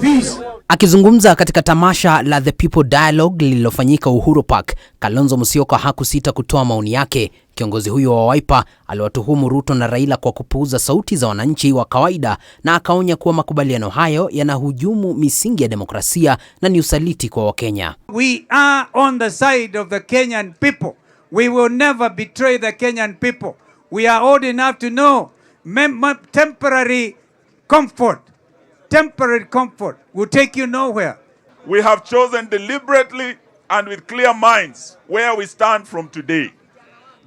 peace. Akizungumza katika tamasha la The People Dialogue lililofanyika Uhuru Park, Kalonzo Musyoka hakusita kutoa maoni yake. Kiongozi huyo wa Wiper aliwatuhumu Ruto na Raila kwa kupuuza sauti za wananchi wa kawaida na akaonya kuwa makubaliano hayo yanahujumu misingi ya demokrasia na ni usaliti kwa Wakenya. We are on the side of the Kenyan people. We will never betray the Kenyan people. We are old enough to know temporary comfort temporary comfort will take you nowhere. We have chosen deliberately and with clear minds where we stand from today.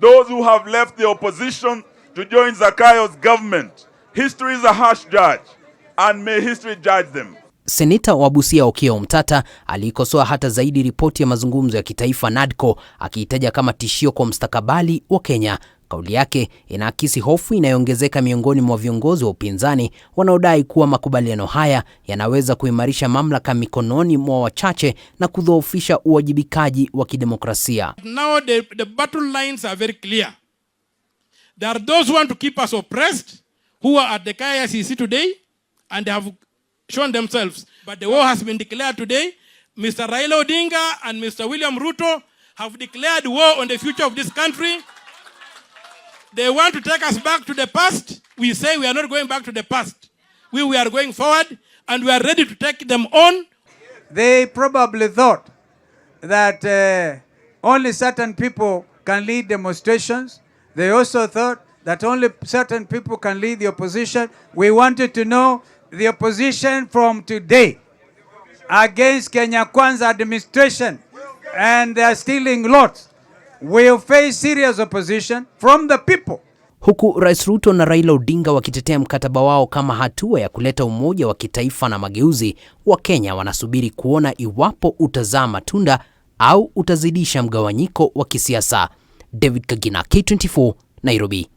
Those who have left the opposition to join Zakayo's government, history is a harsh judge, and may history judge them. Seneta wa Busia Okiya Omtata aliikosoa hata zaidi ripoti ya mazungumzo ya kitaifa NADCO akiitaja kama tishio kwa mstakabali wa Kenya. Kauli yake inaakisi hofu inayoongezeka miongoni mwa viongozi wa upinzani wanaodai kuwa makubaliano haya yanaweza kuimarisha mamlaka mikononi mwa wachache na kudhoofisha uwajibikaji wa kidemokrasia. Now the, the battle lines are very clear. There are those who want to keep us oppressed who are at the KICC today and they have shown themselves. But the war has been declared today. Mr. Raila Odinga and Mr. William Ruto have declared war on the future of this country. They want to take us back to the past. We say we are not going back to the past. We, we are going forward and we are ready to take them on. They probably thought that uh, only certain people can lead demonstrations. They also thought that only certain people can lead the opposition. We wanted to know the opposition from today against Kenya Kwanza administration and they are stealing lots. will face serious opposition from the people. Huku Rais Ruto na Raila Odinga wakitetea mkataba wao kama hatua ya kuleta umoja wa kitaifa na mageuzi, Wakenya wanasubiri kuona iwapo utazaa matunda au utazidisha mgawanyiko wa kisiasa. David Kagina, K24, Nairobi.